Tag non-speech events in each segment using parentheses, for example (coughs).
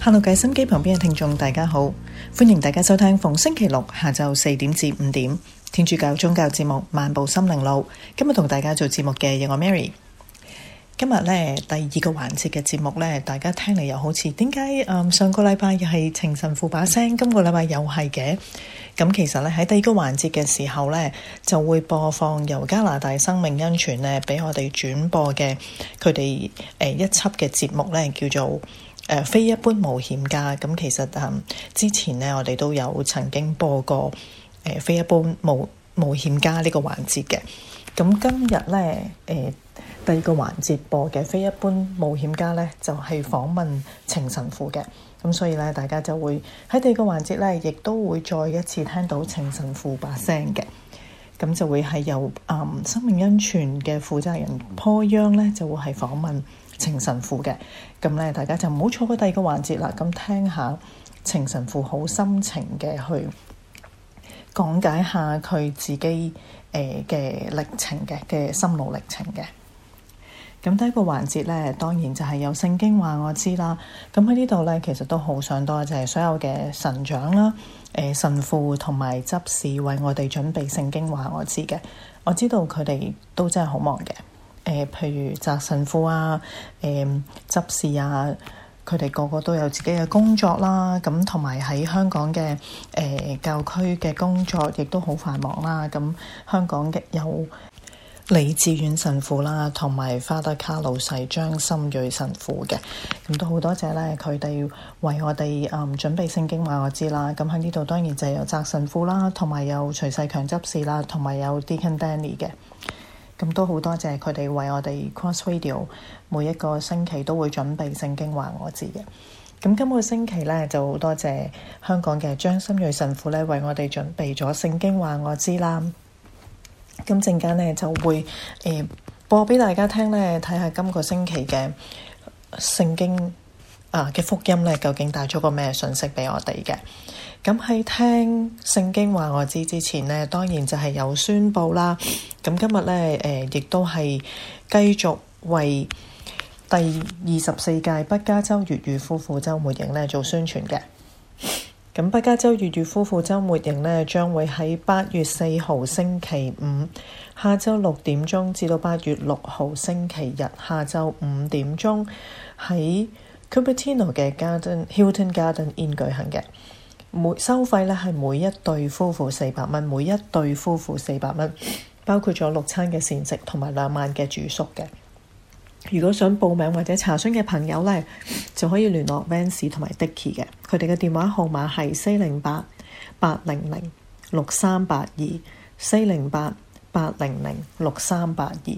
hello，計心機旁邊嘅聽眾大家好，歡迎大家收聽逢星期六下晝四點至五點天主教宗教節目《漫步心靈路》。今日同大家做節目嘅係我 Mary。今日咧第二個環節嘅節目咧，大家聽嚟又好似點解？上個禮拜又係程神父把聲，今個禮拜又係嘅。咁其實咧喺第二個環節嘅時候咧，就會播放由加拿大生命恩泉咧俾我哋轉播嘅佢哋誒一輯嘅節目咧，叫做。誒、呃、非一般冒險家，咁、嗯、其實、嗯、之前呢，我哋都有曾經播過誒、呃、非一般冒冒險家呢個環節嘅。咁、嗯、今日呢，誒、呃、第二個環節播嘅非一般冒險家呢，就係、是、訪問程神父嘅。咁、嗯、所以呢，大家就會喺第二個環節呢，亦都會再一次聽到程神父把聲嘅。咁、嗯、就會係由誒生命恩泉嘅負責人坡央呢，就會係訪問程神父嘅。咁咧，大家就唔好錯過第二個環節啦。咁聽下程神父好心情嘅去講解下佢自己誒嘅歷程嘅嘅心路歷程嘅。咁第一個環節咧，當然就係有聖經話我知啦。咁喺呢度咧，其實都好想多謝所有嘅神長啦、誒、呃、神父同埋執事為我哋準備聖經話我知嘅。我知道佢哋都真係好忙嘅。誒，譬、呃、如澤神父啊，誒、呃、執事啊，佢哋個個都有自己嘅工作啦。咁同埋喺香港嘅誒、呃、教區嘅工作亦都好繁忙啦。咁、嗯、香港嘅有李志遠神父啦，同埋花德卡老細張心鋭神父嘅。咁、嗯、都好多謝咧，佢哋為我哋誒、嗯、準備聖經話我，我知啦。咁喺呢度當然就有澤神父啦，同埋有，有徐世強執事啦，同埋有，有 Deacon Danny 嘅。咁都好多謝佢哋為我哋 Cross Radio 每一個星期都會準備聖經話我知嘅。咁今個星期咧就好多謝香港嘅張心睿神父咧為我哋準備咗聖經話我知啦。咁陣間咧就會誒、呃、播俾大家聽咧，睇下今個星期嘅聖經啊嘅福音咧究竟帶咗個咩信息俾我哋嘅。咁喺聽聖經話我知之前呢，當然就係有宣佈啦。咁今日咧，誒、呃、亦都係繼續為第二十四屆北加州粵語夫婦周末營咧做宣傳嘅。咁北加州粵語夫婦周末營呢，將會喺八月四號星期五下晝六點鐘，至到八月六號星期日下晝五點鐘喺 Cupertino 嘅 Garden Hilton Garden Inn 舉行嘅。每收費咧係每一對夫婦四百蚊，每一對夫婦四百蚊，包括咗六餐嘅膳食同埋兩晚嘅住宿嘅。如果想報名或者查詢嘅朋友咧，就可以聯絡 Vans 同埋 Dicky 嘅，佢哋嘅電話號碼係四零八八零零六三八二四零八八零零六三八二，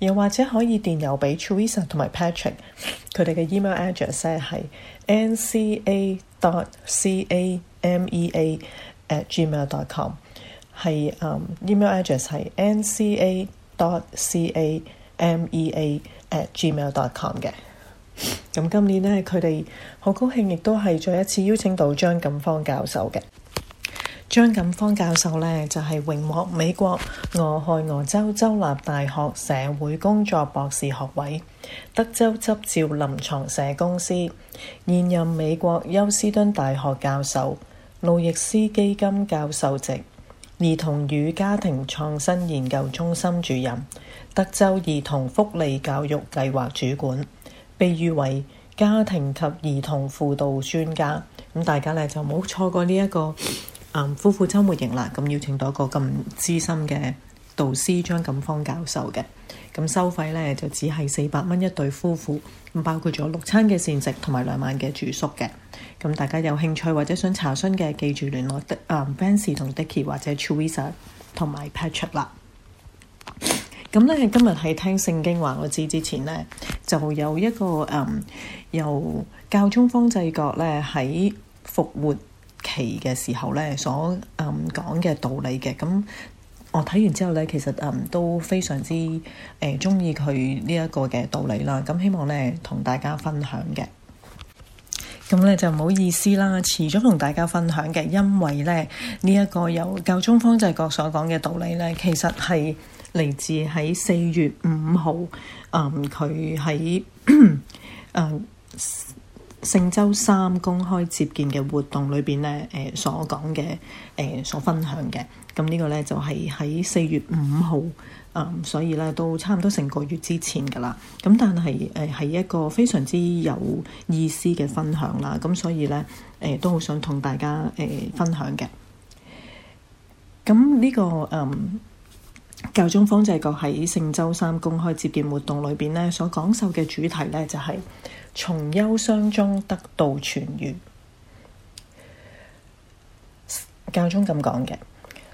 又或者可以電郵俾 Trisha 同埋 Patrick，佢哋嘅 email address 係 nca.dot.ca。m.e.a. at gmail dot com 係、um, email address 係 n.c.a. dot c.a.m.e.a.、E、at gmail dot com 嘅。咁今年呢，佢哋好高興，亦都係再一次邀請到張錦芳教授嘅。張錦芳教授呢，就係榮獲美國俄亥俄州州立大學社會工作博士學位，德州執照臨床社公司，現任美國休斯敦大學教授。路易斯基金教授席、兒童與家庭創新研究中心主任、德州兒童福利教育計劃主管，被譽為家庭及兒童輔導專家。咁大家咧就冇錯過呢一個啊夫婦周末營啦！咁邀請到一個咁資深嘅。導師張錦芳教授嘅，咁收費咧就只係四百蚊一對夫婦，咁包括咗六餐嘅膳食同埋兩晚嘅住宿嘅。咁大家有興趣或者想查詢嘅，記住聯絡的啊，fans 同 Dicky 或者 chrisa 同埋 Patrick 啦。咁咧今日喺聽聖經話我知之前咧，就有一個嗯由教宗方濟各咧喺復活期嘅時候咧所嗯講嘅道理嘅，咁。我睇完之後咧，其實、嗯、都非常之誒中意佢呢一個嘅道理啦，咁、嗯、希望咧同大家分享嘅。咁、嗯、咧就唔好意思啦，遲咗同大家分享嘅，因為咧呢一個由教宗方濟各所講嘅道理咧，其實係嚟自喺四月五號，佢、嗯、喺 (coughs) 聖週三公開接見嘅活動裏邊咧，誒、呃、所講嘅，誒、呃、所分享嘅，咁呢個咧就係喺四月五號，嗯，所以咧都差唔多成個月之前噶啦。咁但係誒係一個非常之有意思嘅分享啦。咁所以咧誒、呃、都好想同大家誒、呃、分享嘅。咁呢、這個嗯教宗方濟各喺聖週三公開接見活動裏邊咧所講授嘅主題咧就係、是。從憂傷中得到痊愈，教宗咁講嘅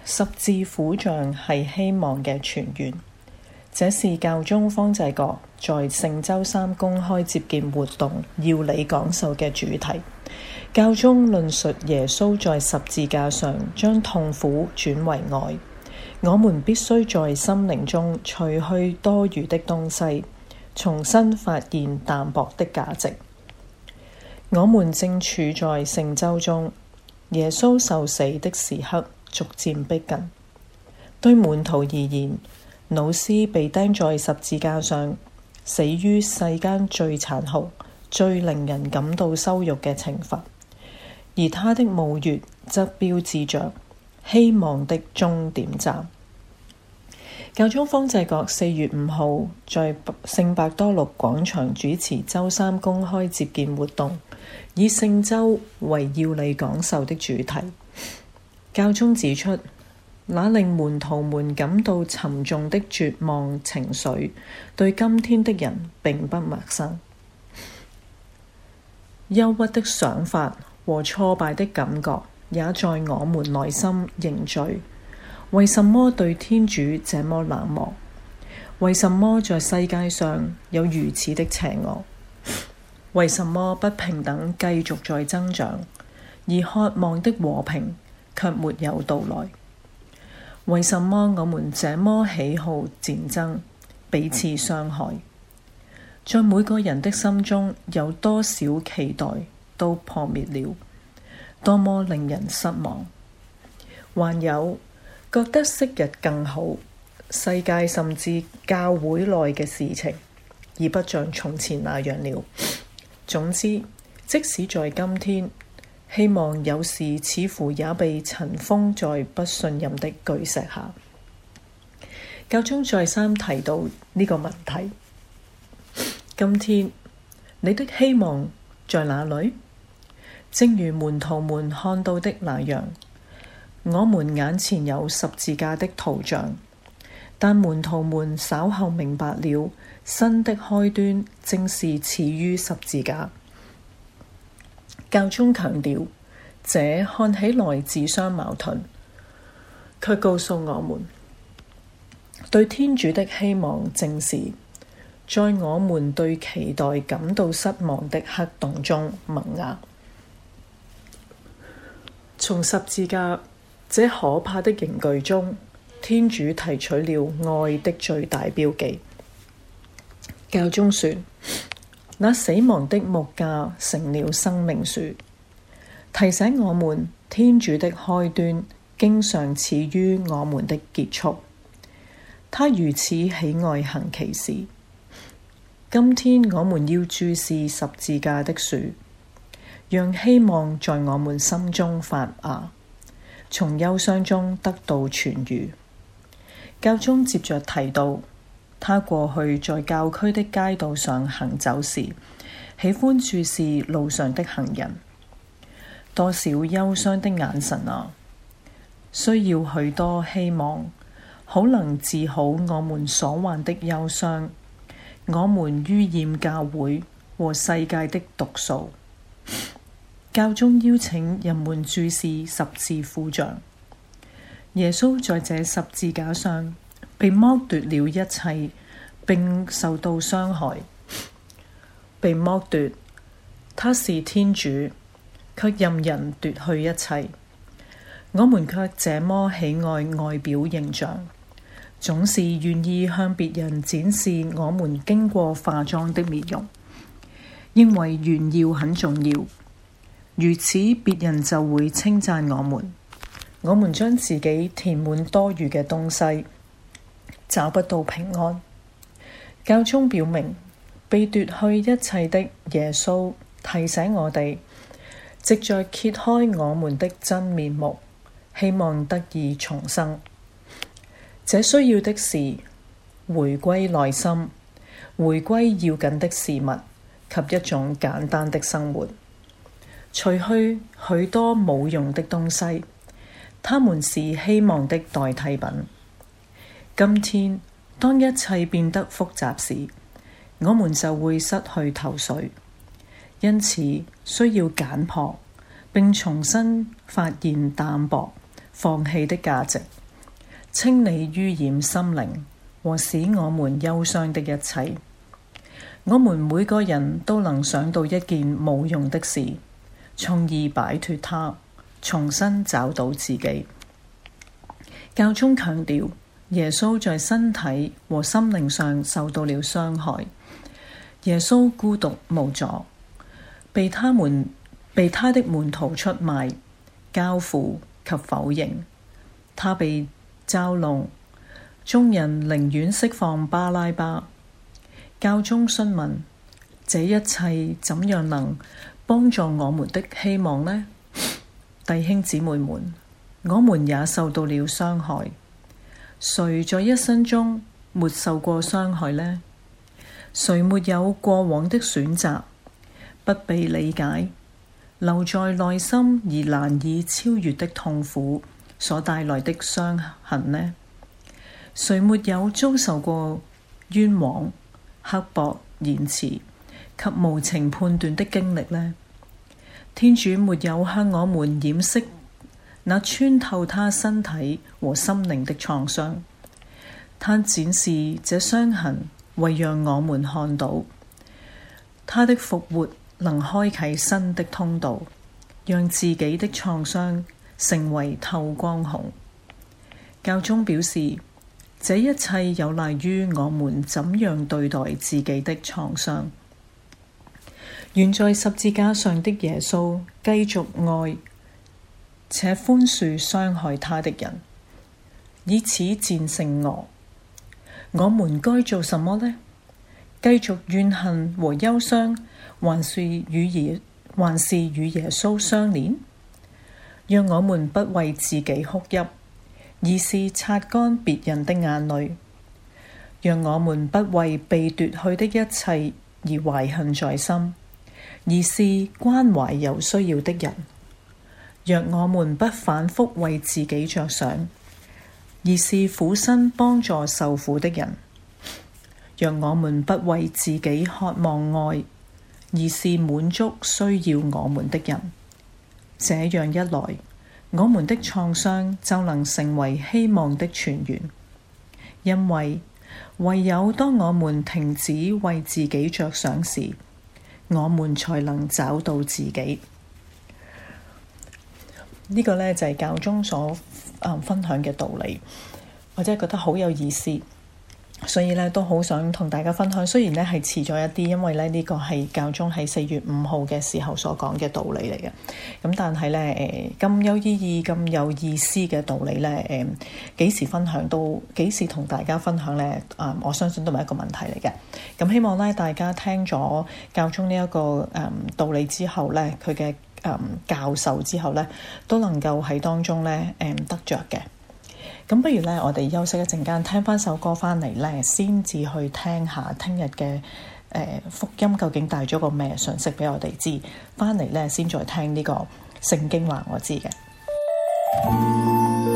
十字苦像係希望嘅痊愈。這是教宗方濟各在聖周三公開接見活動要理講授嘅主題。教宗論述耶穌在十字架上將痛苦轉為愛。我們必須在心靈中除去多餘的東西重新發現淡薄的價值。我們正處在聖周中，耶穌受死的時刻逐漸逼近。對門徒而言，老師被釘在十字架上，死於世間最殘酷、最令人感到羞辱嘅懲罰；而他的墓穴則標誌着希望的終點站。教宗方濟各四月五號在聖伯多祿廣場主持周三公開接見活動，以聖周為要理講授的主題。教宗指出，那令門徒們感到沉重的絕望情緒，對今天的人並不陌生。憂鬱的想法和挫敗的感覺，也在我們內心凝聚。為什麼對天主這麼冷漠？為什麼在世界上有如此的邪惡？為什麼不平等繼續在增長，而渴望的和平却沒有到來？為什麼我們這麼喜好戰爭，彼此傷害？在每個人的心中，有多少期待都破滅了？多麼令人失望！還有，覺得昔日更好，世界甚至教會內嘅事情，已不像從前那樣了。總之，即使在今天，希望有時似乎也被塵封在不信任的巨石下。教宗再三提到呢個問題，今天你的希望在哪裏？正如門徒們看到的那樣。我們眼前有十字架的圖像，但門徒們稍後明白了新的開端正是始於十字架。教宗強調，這看起來自相矛盾，卻告訴我們，對天主的希望正是在我們對期待感到失望的黑洞中萌芽，從十字架。這可怕的刑具中，天主提取了愛的最大標記。教宗說，那死亡的木架成了生命樹，提醒我們天主的開端經常始於我們的結束。他如此喜愛行奇事，今天我們要注視十字架的樹，讓希望在我們心中發芽。從憂傷中得到痊癒。教宗接着提到，他過去在教區的街道上行走時，喜歡注視路上的行人，多少憂傷的眼神啊！需要許多希望，好能治好我們所患的憂傷。我們於厭教會和世界的毒素。教宗邀請人們注視十字苦像。耶穌在這十字架上被剝奪了一切，並受到傷害。被剝奪，他是天主，卻任人奪去一切。我們卻這麼喜愛外表形象，總是願意向別人展示我們經過化妝的面容，認為炫耀很重要。如此，別人就會稱讚我們。我們將自己填滿多餘嘅東西，找不到平安。教宗表明被奪去一切的耶穌，提醒我哋，藉著揭開我們的真面目，希望得以重生。這需要的是回歸內心，回歸要緊的事物及一種簡單的生活。除去許多冇用的東西，它們是希望的代替品。今天當一切變得複雜時，我們就會失去頭緒，因此需要簡樸，並重新發現淡薄放棄的價值，清理污染心靈和使我們憂傷的一切。我們每個人都能想到一件冇用的事。從而擺脱他，重新找到自己。教宗強調，耶穌在身體和心靈上受到了傷害。耶穌孤獨無助，被他們被他的門徒出賣、交付及否認。他被嘲弄，眾人寧願釋放巴拉巴。教宗詢問：這一切怎樣能？幫助我們的希望呢，弟兄姊妹們，我們也受到了傷害。誰在一生中沒受過傷害呢？誰沒有過往的選擇，不被理解，留在內心而難以超越的痛苦所帶來的傷痕呢？誰沒有遭受過冤枉、刻薄言辭？及無情判斷的經歷呢，天主沒有向我們掩飾那穿透他身體和心靈的創傷。他展示這傷痕，為讓我們看到他的復活能開啟新的通道，讓自己的創傷成為透光孔。教宗表示，這一切有賴於我們怎樣對待自己的創傷。懸在十字架上的耶穌繼續愛，且寬恕傷害他的人，以此戰勝我。我們該做什麼呢？繼續怨恨和憂傷，還是與耶還是與耶穌相連？讓我們不為自己哭泣，而是擦乾別人的眼淚；讓我們不為被奪去的一切而懷恨在心。而是關懷有需要的人；若我們不反復為自己着想，而是苦心幫助受苦的人；若我們不為自己渴望愛，而是滿足需要我們的人。這樣一來，我們的創傷就能成為希望的泉源，因為唯有當我們停止為自己着想時。我們才能找到自己，呢、這個呢，就係、是、教宗所分享嘅道理，我真係覺得好有意思。所以咧都好想同大家分享，雖然咧係遲咗一啲，因為咧呢、這個係教宗喺四月五號嘅時候所講嘅道理嚟嘅。咁但係咧誒，咁、呃、有意義、咁有意思嘅道理咧誒，幾、呃、時分享都幾時同大家分享咧啊、呃！我相信都唔係一個問題嚟嘅。咁、呃、希望咧大家聽咗教宗呢、這、一個誒、呃、道理之後咧，佢嘅誒教授之後咧，都能夠喺當中咧誒、呃、得着嘅。咁不如咧，我哋休息一陣間，聽翻首歌翻嚟咧，先至去聽下聽日嘅誒福音究竟帶咗個咩信息俾我哋知，翻嚟咧先再聽呢個聖經話我知嘅。嗯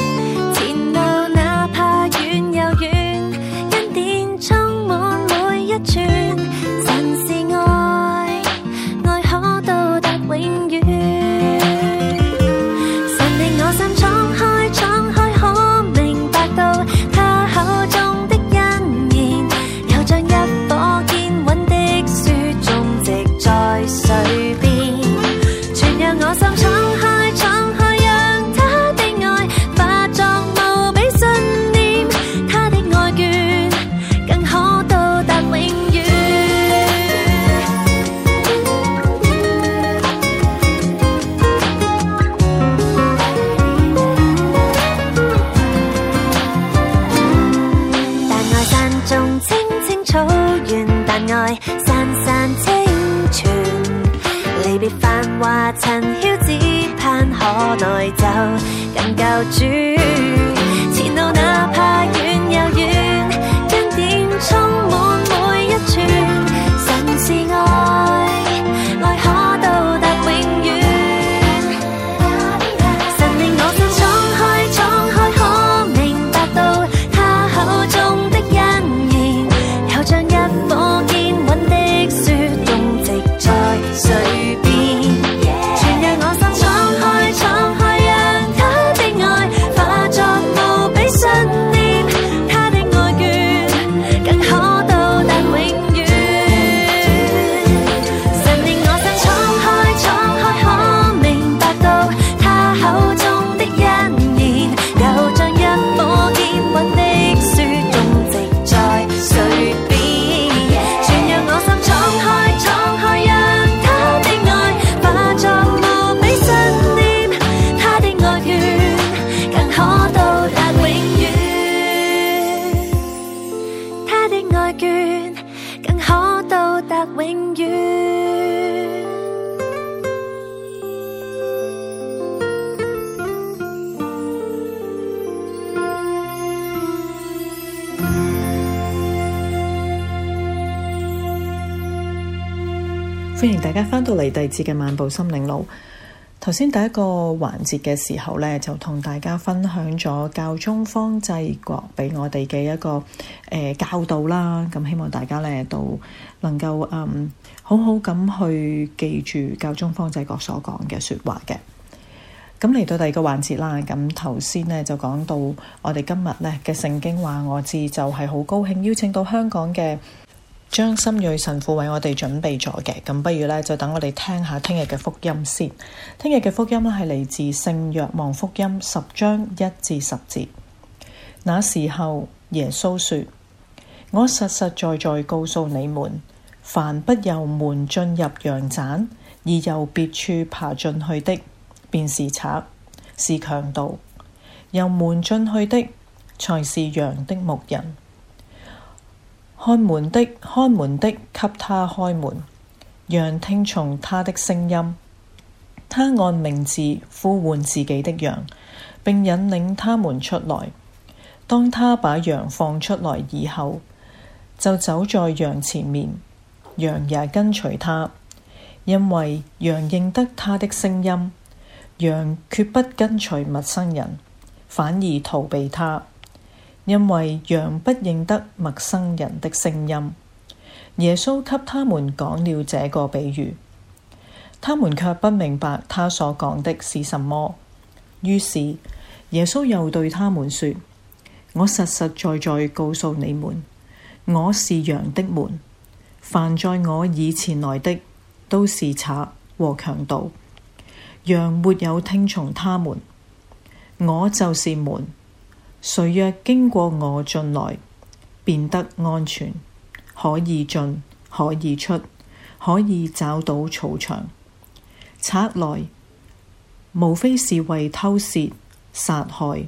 嘅漫步心靈路，頭先第一個環節嘅時候呢，就同大家分享咗教宗方濟各俾我哋嘅一個誒、呃、教導啦。咁希望大家呢，都能夠嗯好好咁去記住教宗方濟各所講嘅說話嘅。咁嚟到第二個環節啦，咁頭先呢，就講到我哋今日呢嘅聖經話，我知就係好高興邀請到香港嘅。張心睿神父為我哋準備咗嘅，咁不如呢，就等我哋聽下聽日嘅福音先。聽日嘅福音呢係嚟自《聖若望福音》十章一至十節。那時候耶穌說：我實實在在告訴你們，凡不由門進入羊棧，而由別處爬進去的，便是賊，是強盜；由門進去的，才是羊的牧人。看門的，看門的，給他開門，羊聽從他的聲音。他按名字呼喚自己的羊，並引領他們出來。當他把羊放出來以後，就走在羊前面，羊也跟隨他，因為羊認得他的聲音。羊決不跟隨陌生人，反而逃避他。因為羊不認得陌生人的聲音，耶穌給他們講了這個比喻，他們卻不明白他所講的是什麼。於是耶穌又對他們說：我實實在在告訴你們，我是羊的門，凡在我以前來的都是賊和強盜，羊沒有聽從他們，我就是門。誰若經過我進來，變得安全，可以進，可以出，可以找到草場。賊來，無非是為偷竊、殺害、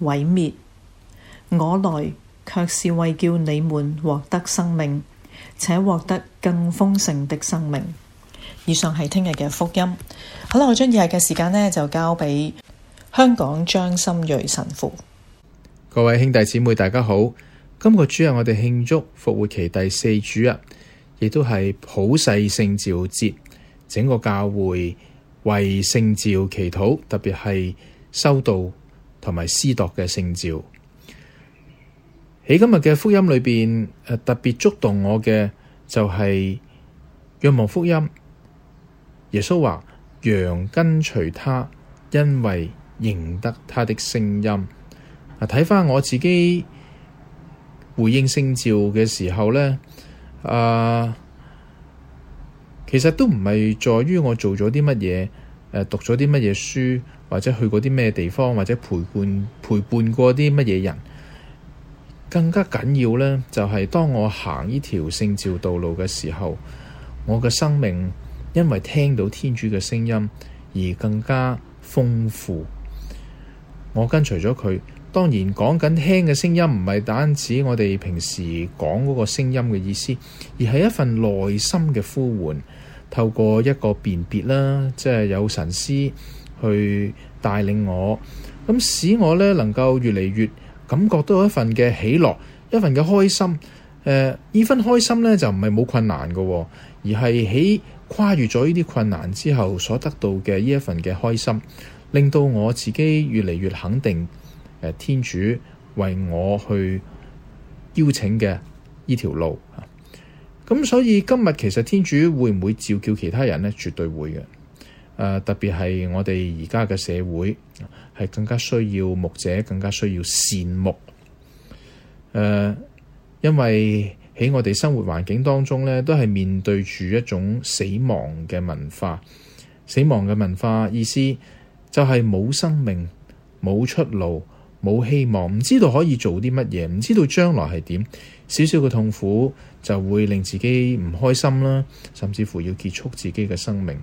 毀滅；我來，卻是為叫你們獲得生命，且獲得更豐盛的生命。以上係聽日嘅福音。好啦，我將以下嘅時間呢，就交俾香港張心睿神父。各位兄弟姊妹，大家好！今個主日我哋慶祝復活期第四主日，亦都係普世聖召節。整個教會為聖召祈禱，特別係修道同埋司鐸嘅聖召。喺今日嘅福音裏邊，特別觸動我嘅就係《若望福音》耶穌。耶穌話：羊跟隨他，因為認得他的聲音。睇返我自己回應聖召嘅時候呢，啊，其實都唔係在於我做咗啲乜嘢，誒，讀咗啲乜嘢書，或者去過啲咩地方，或者陪伴陪伴過啲乜嘢人。更加緊要呢，就係當我行呢條聖召道路嘅時候，我嘅生命因為聽到天主嘅聲音而更加豐富。我跟隨咗佢。當然，講緊輕嘅聲音，唔係單止我哋平時講嗰個聲音嘅意思，而係一份內心嘅呼喚，透過一個辨別啦，即係有神師去帶領我，咁使我咧能夠越嚟越感覺到一份嘅喜樂，一份嘅開心。誒、呃，呢份開心咧就唔係冇困難嘅，而係喺跨越咗呢啲困難之後所得到嘅呢一份嘅開心，令到我自己越嚟越肯定。天主為我去邀請嘅呢條路，咁所以今日其實天主會唔會召叫其他人呢？絕對會嘅。誒、呃，特別係我哋而家嘅社會係更加需要牧者，更加需要善牧。誒、呃，因為喺我哋生活環境當中咧，都係面對住一種死亡嘅文化。死亡嘅文化意思就係冇生命，冇出路，冇希望，唔知道可以做啲乜嘢，唔知道將來係點，少少嘅痛苦就會令自己唔開心啦，甚至乎要結束自己嘅生命。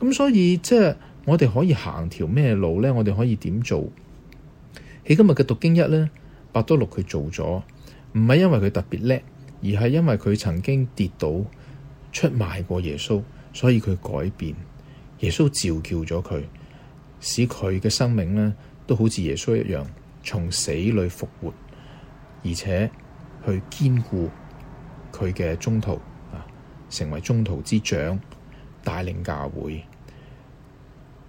咁所以即係我哋可以行條咩路咧？我哋可以點做？喺今日嘅讀經一咧，伯多祿佢做咗，唔係因為佢特別叻，而係因為佢曾經跌倒、出賣過耶穌，所以佢改變。耶穌召叫咗佢，使佢嘅生命咧。都好似耶穌一樣，從死裏復活，而且去堅固佢嘅中途啊，成為中途之長，帶領教會。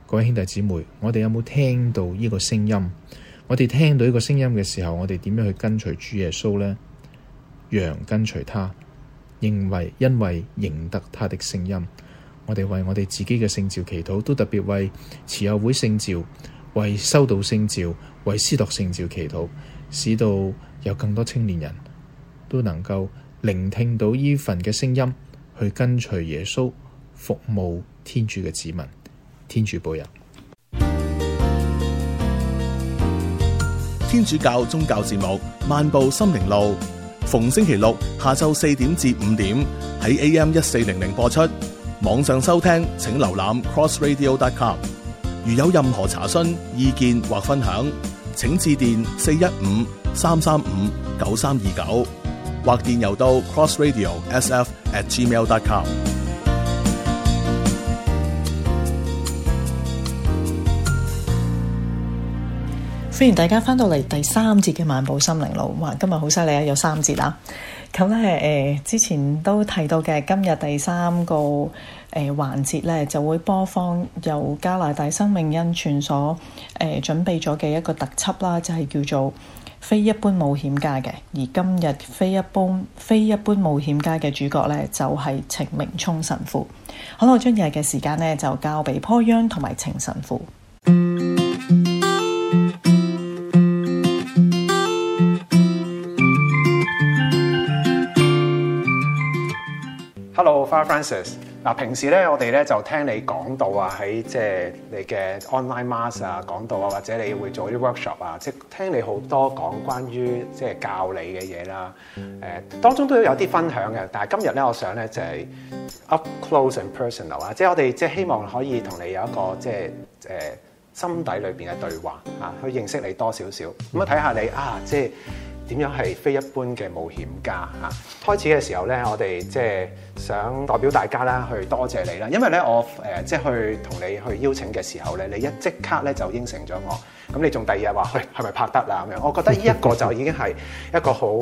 各位兄弟姊妹，我哋有冇聽到呢個聲音？我哋聽到呢個聲音嘅時候，我哋點樣去跟隨主耶穌呢？羊跟隨他，認為因為認得他的聲音。我哋為我哋自己嘅聖召祈禱，都特別為慈幼會聖召。為修道聖召、為司鐸聖召祈禱，使到有更多青年人都能夠聆聽到呢份嘅聲音，去跟隨耶穌服務天主嘅子民，天主保佑。天主教宗教節目《漫步心靈路》，逢星期六下晝四點至五點喺 AM 一四零零播出，網上收聽請瀏覽 crossradio.com。如有任何查詢、意見或分享，請致電四一五三三五九三二九，或電郵到 crossradio_sf@gmail.com。歡迎大家翻到嚟第三節嘅漫步心靈路，哇！今日好犀利啊，有三節啦。咁咧誒，之前都提到嘅，今日第三個。誒、呃、環節咧就會播放由加拿大生命恩傳所誒、呃、準備咗嘅一個特輯啦，就係叫做《非一般冒險家》嘅。而今日非一般非一般冒險家嘅主角咧就係程明聰神父。好啦，我將日嘅時間咧就交俾坡央同埋程神父。Hello, Father Francis。嗱，平時咧，我哋咧就聽你講到啊，喺即係你嘅 online mass 啊，講到啊，或者你會做啲 workshop 啊，即係聽你好多講關於即係教你嘅嘢啦。誒，當中都有啲分享嘅，但係今日咧，我想咧就係 up close and personal 啊，即係我哋即係希望可以同你有一個即係誒心底裏邊嘅對話啊，去認識你多少少咁啊，睇下你啊，即係點樣係非一般嘅冒險家啊？開始嘅時候咧，我哋即係想代表大家啦，去多謝你啦。因為咧，我呃即係去同你去邀請嘅時候咧，你一即刻咧就應承咗我。咁你仲第二日話去係咪拍得啦？咁樣，我覺得呢一個就已經係一個好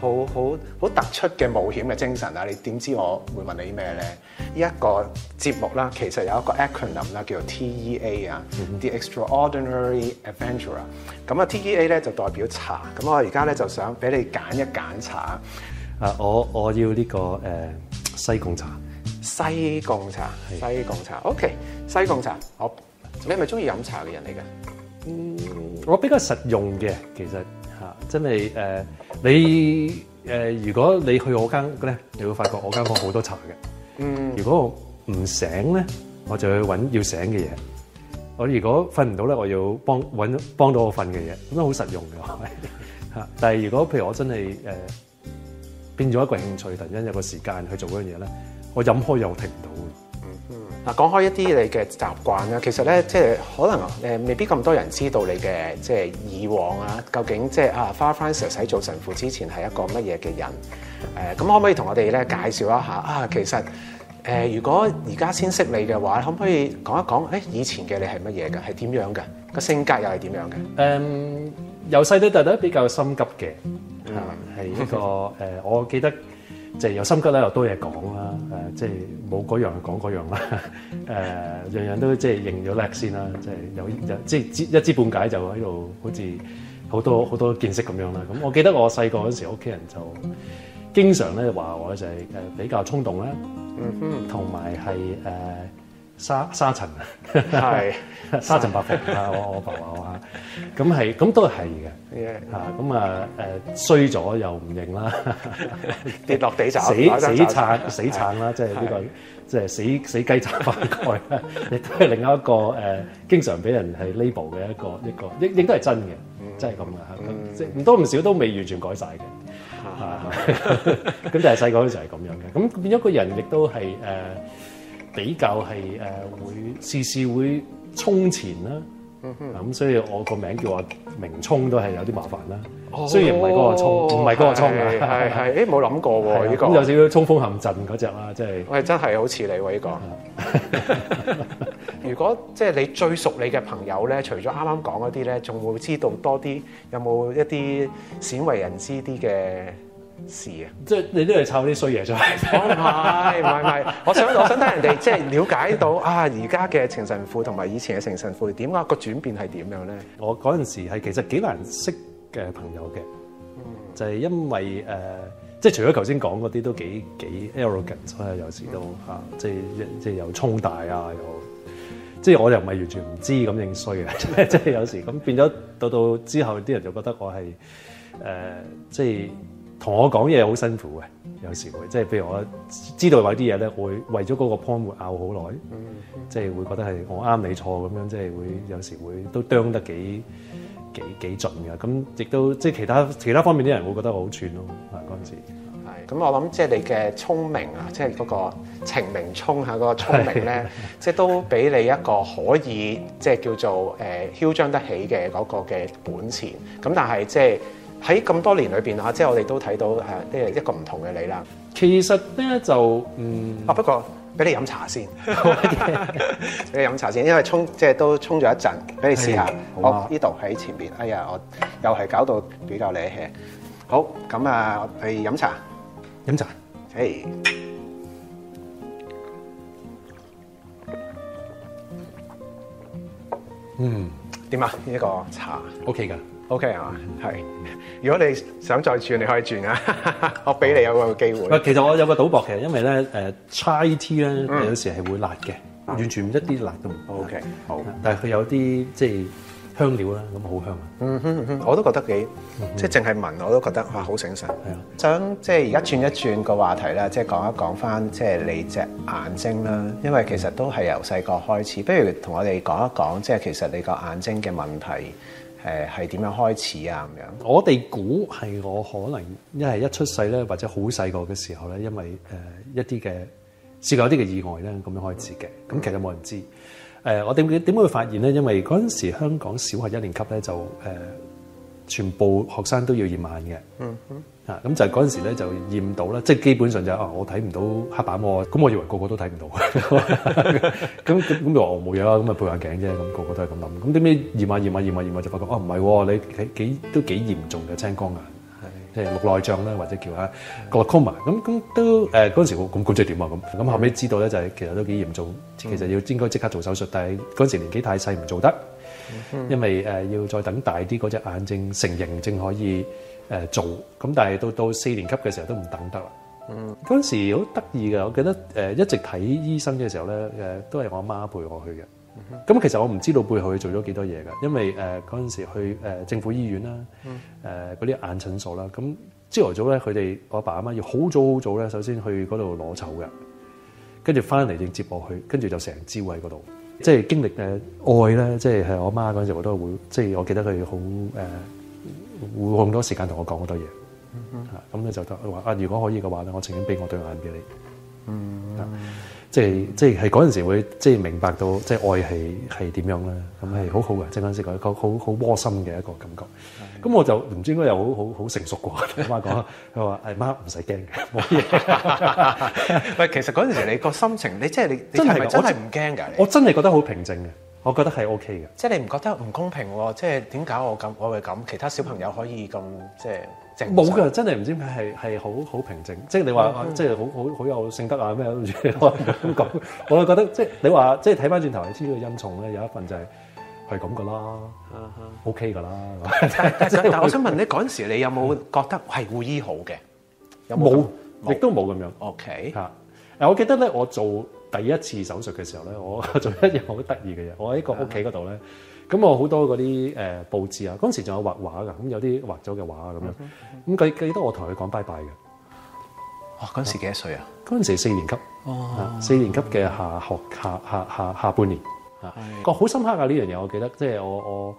好好好突出嘅冒險嘅精神啦。你點知我會問你啲咩咧？呢一個節目啦，其實有一個 acronym 啦，叫做 T E A 啊、mm hmm.，The Extraordinary Adventurer。咁啊，T E A 咧就代表茶。咁我而家咧就想俾你揀一揀茶啊、uh,。我我要呢個誒、uh, 西，西貢茶。西貢茶，係，西貢茶，OK，西貢茶。好，你係咪中意飲茶嘅人嚟嘅？我比較實用嘅，其實嚇、啊、真係誒、呃、你誒、呃，如果你去我間屋咧，你會發覺我間房好多茶嘅。嗯，如果我唔醒咧，我就去揾要醒嘅嘢。我如果瞓唔到咧，我要幫揾幫到我瞓嘅嘢，咁樣都好實用嘅。嚇、啊！但係如果譬如我真係誒、呃、變咗一個興趣，突然間有個時間去做嗰樣嘢咧，我飲開又停唔到。嗱，講開一啲你嘅習慣啦，其實咧，即係可能誒，未必咁多人知道你嘅即係以往啊，究竟即係啊 Father Francis 做神父之前係一個乜嘢嘅人？誒、呃，咁可唔可以同我哋咧介紹一下啊？其實誒、呃，如果而家先識你嘅話，可唔可以講一講誒、欸、以前嘅你係乜嘢嘅？係點樣嘅？個性格又係點樣嘅？誒，由細到大都比較心急嘅，係、嗯、一個誒 Okay.、呃，我記得。即係有心急啦，又多嘢講啦，誒、啊，即係冇嗰樣講嗰樣啦，誒、啊，樣樣都即係認咗叻先啦，即、啊、係、就是、有有即係一知半解就喺度，好似好多好多見識咁樣啦。咁、啊、我記得我細個嗰時，屋企人就經常咧話我就係誒比較衝動啦，嗯哼、mm，同埋係誒。啊沙沙塵啊是，係沙塵白霍啊！ (laughs) 我，我我爸話我 Yeah. 啊，咁係咁都係嘅，嚇咁啊誒衰咗又唔認啦，跌 Yeah. (laughs) 落地就死死撐死撐啦，即係呢個即係死死雞撐飯蓋亦都係另一個誒、啊、經常俾人係 label 嘅一個一個，亦亦都係真嘅，真係咁嘅嚇，即係唔多唔少都未完全改晒嘅嚇，咁但係細個嗰陣係咁樣嘅，咁變咗個人亦都係誒。比較係誒、呃、會時時會衝前啦，咁、嗯哼嗯、所以我個名叫我明聰都係有啲麻煩啦。雖然唔係嗰個充，唔係嗰個充嘅，係係誒冇諗過喎咁有少少衝鋒陷陣嗰隻啦，即係我係真係好似你喎、啊、呢、這個。 (laughs) (laughs) 如果即係、就是、你最熟你嘅朋友咧，除咗啱啱講嗰啲咧，仲會知道多啲有冇一啲鮮為人知啲嘅？事啊，即係你都係炒啲衰嘢出嚟，唔係唔係。我想我想聽人哋即係了解到啊，而家嘅程神父同埋以前嘅程神父點啊，個轉變係點樣咧？我嗰陣時係其實幾難識嘅朋友嘅，嗯、就係因為誒、呃，即係除咗頭先講嗰啲都幾幾 arrogant、嗯、所以有時都嚇、啊、即係即係又衝大啊，又即係我又唔係完全唔知咁認衰嘅，即係 (laughs) 有時咁變咗到到之後啲人就覺得我係誒、呃、即係。即同我講嘢好辛苦嘅，有時會即係譬如我知道有啲嘢咧，為會為咗嗰個 point 會拗好耐，嗯嗯、即係會覺得係我啱你錯咁樣，即係會有時會都啄得幾幾幾盡㗎，咁亦都即係其他其他方面啲人會覺得我好串咯，啊嗰陣時。係，咁我諗即係你嘅聰明啊，即係嗰個程明聰下嗰、嗰個聰明咧，即係是的 都俾你一個可以即係、即係、叫做誒、呃、囂張得起嘅嗰個嘅本錢。咁但係即係。喺咁多年裏邊啊，即、就、係、是、我哋都睇到係即係一個唔同嘅你啦。其實咧就嗯啊，不過俾你飲茶先，俾 (laughs) (laughs) (laughs) 你飲茶先，因為沖即係都沖咗一陣，俾你試下。哎、好呢度喺前邊。哎呀，我又係搞到比較瀨氣。好，咁啊，我去飲茶，飲茶，嘿。Okay. 嗯，點啊？呢、呢個茶 OK 噶？O K 啊，係。Okay , right? (laughs) 如果你想再轉，你可以轉啊， (laughs) 我俾你有個機會。其實我有個賭博，其實因為咧，誒 chai tea 咧有時係會辣嘅，完全唔一啲辣都唔 OK。好、就是，但係佢有啲即係香料啦，咁好香啊。嗯哼哼，我都覺得幾， (laughs) 即係淨係聞我都覺得哇好、 (laughs) 啊、醒神。係啊， (laughs) 想即係而家轉一轉個話題啦，即、就、係、是、講一講翻即係你隻眼睛啦，因為其實都係由細個開始，不如同我哋講一講，即、就、係、是、其實你個眼睛嘅問題。誒係點樣開始啊咁樣？我哋估係我可能一係一出世咧，或者好細個嘅時候咧，因為誒、呃、一啲嘅試過有啲嘅意外咧，咁樣開始嘅。咁其實冇人知。誒、呃，我點會發現咧？因為嗰陣時香港小學一年級咧就誒、呃，全部學生都要驗眼嘅。嗯哼。啊，咁就係嗰陣時咧就驗到啦，即係基本上就啊我睇唔到黑板喎，咁我以為個個都睇唔到，咁咁咁又話我冇嘢啦，咁咪配眼鏡啫，咁個個都係咁諗。咁點知驗下驗下驗下驗下就發覺啊唔係，你你幾都幾嚴重嘅青光眼，即係綠內障咧，或者叫嚇 Glaucoma 啦，咁咁都誒嗰陣時我咁估唔知點啊咁，咁後尾知道咧就係其實都幾嚴重，其實要應該即刻做手術，但係嗰陣時年紀太細唔做得，因為誒要再等大啲嗰隻眼睛成形正可以。誒、呃、做咁，但係到到四年級嘅時候都唔等得啦。嗯，嗰陣時好得意嘅，我記得誒、呃、一直睇醫生嘅時候咧，誒、呃、都係我阿媽，媽陪我去嘅。咁、嗯、哼其實我唔知道背後佢做咗幾多嘢㗎，因為誒嗰陣時去誒、呃、政府醫院啦，誒嗰啲眼診所啦，咁朝頭早咧佢哋我阿爸阿媽要好早好早咧，首先去嗰度攞籌嘅，跟住翻嚟仲接我去，跟住就成朝喺嗰度，即係經歷嘅愛咧，即係係我阿媽嗰陣時我都會，即係我記得佢好誒。呃用咁多時間同我講好多嘢，嚇咁咧就話啊，如果可以嘅話咧，我情願俾我對眼俾你，嗯，啊，即係即係，喺嗰陣時會即係明白到，即係愛係係點樣啦，咁係好好嘅。即係嗰陣時講，好好好窩心嘅一個感覺。咁我就唔知應該有好好好成熟過。媽講，佢話誒媽唔使驚嘅，冇嘢。唔係，其實嗰陣時你個心情，你即係你真係真係唔驚㗎，我真係覺得好平靜嘅。我覺得係 OK 嘅，即係你唔覺得唔公平喎？即係點解我咁我會咁，其他小朋友可以咁即係靜？冇噶，真係唔知咩係，係好好平靜。即係你話即係好好好有聖德啊咩？我咁講，我就覺得即係你話即係睇翻轉頭，你知呢個恩重咧有一份就係係咁噶啦，OK 噶啦。但係我想問你嗰陣時，你有冇覺得係會醫好嘅？有冇？冇，亦都冇咁樣。OK 嚇。嗱，我記得咧，我做。第一次手術嘅時候咧，我做一樣好得意嘅嘢，我喺個屋企嗰度咧，咁我好多嗰啲誒佈置啊，嗰陣時仲有畫畫㗎，咁有啲畫咗嘅畫咁樣，咁記、嗯嗯、記得我同佢講拜拜嘅。哇、哦！嗰陣時幾多歲啊？嗰陣時四年級，哦啊、四年級嘅下學、嗯、下下下下半年嚇，個好的、啊、深刻啊！呢樣嘢我記得，即、就、係、是、我我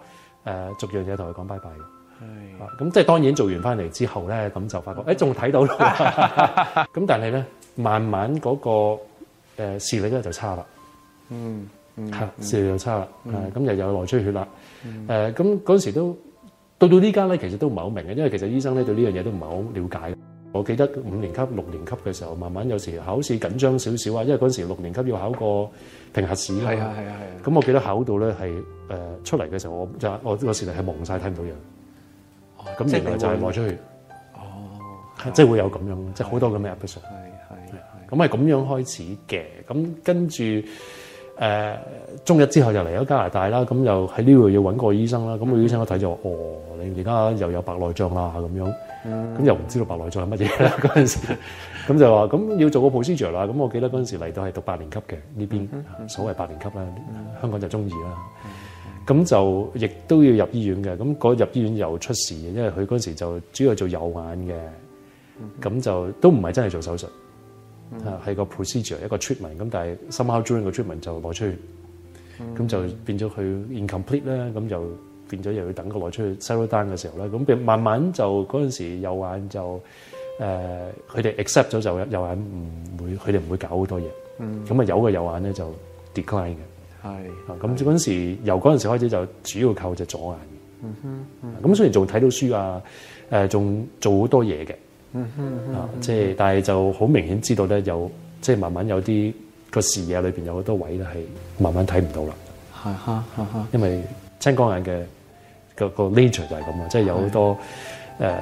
誒逐、啊、樣嘢同佢講拜拜嘅。係的，咁、啊、即係當然做完翻嚟之後咧，咁就發覺誒仲睇到，咁但係咧慢慢嗰、那個誒視力咧就差啦，嗯，係視力就差啦，咁又又內出血啦，誒咁嗰陣時都到到呢間咧，其實都唔係好明嘅，因為其實醫生咧對呢樣嘢都唔係好了解。我記得五年級、六年級嘅時候，慢慢有時考試緊張少少啊，因為嗰陣時六年級要考個評核試，係啊係啊係啊。咁我記得考到咧係誒出嚟嘅時候，我就我個視力係蒙晒，睇唔到嘢。咁原來就係內出血。哦，即係會有咁樣，即係好多咁嘅咁係咁樣開始嘅，咁跟住誒、呃、中一之後就嚟咗加拿大啦。咁又喺呢度要揾個醫生啦。咁個醫生我睇就、嗯、哦，你而家又有白內障啦咁樣。咁、嗯、又唔知道白內障係乜嘢啦嗰陣時。咁 (laughs) (laughs) 就話咁要做個 procedure 啦。咁我記得嗰陣時嚟到係讀八年級嘅呢邊所謂八年級啦，香港就中二啦。咁、嗯、就亦都要入醫院嘅。咁、那、嗰、個、入醫院又出事，嘅，因為佢嗰時就主要做右眼嘅，咁就都唔係真係做手術。係個 procedure 一個 treatment，咁但係 somehow during 個 treatment 就攞出去，咁、嗯、就變咗佢 incomplete 咧，咁就變咗又要等佢攞出去 settled down 嘅時候咧，咁慢慢就陣時右眼就誒，佢、呃、哋 accept 咗就右眼唔會，佢哋唔會搞好多嘢，咁啊、mm hmm. 有嘅右眼咧就 decline 嘅，係、mm，咁、hmm. 陣時由陣時開始就主要靠隻左眼嘅，咁、mm hmm. mm hmm. 雖然仲睇到書啊，誒、呃、仲做好多嘢嘅。嗯嗯啊，即、嗯、係，但係就好明顯知道咧，有即係慢慢有啲個視野裏邊有好多位咧係慢慢睇唔到啦。係啊，啊啊，啊因為青光眼嘅，嗰個個 nature 就係咁，就是，啊，即係有好多誒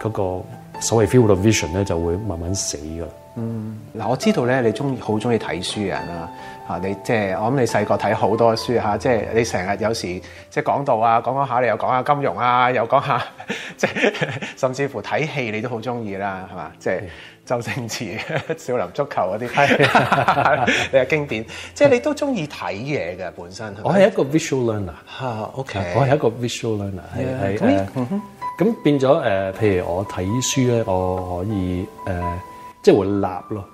嗰個所謂 field of vision 咧就會慢慢死噶。嗯，嗱、嗯，我知道咧，你中意好中意睇書嘅人啦。啊！你即係我諗你細個睇好多書吓，即係你成日有時即係講道啊，講講下你又講下金融啊，又講下即係甚至乎睇戲你都好中意啦，係嘛？即係周星馳、少林足球嗰啲，比較經典，即係你都中意睇嘢嘅本身。我係一個 visual learner，OK，我係一個 visual learner，係係咁變咗誒，譬如我睇書咧，我可以誒，即係會立咯，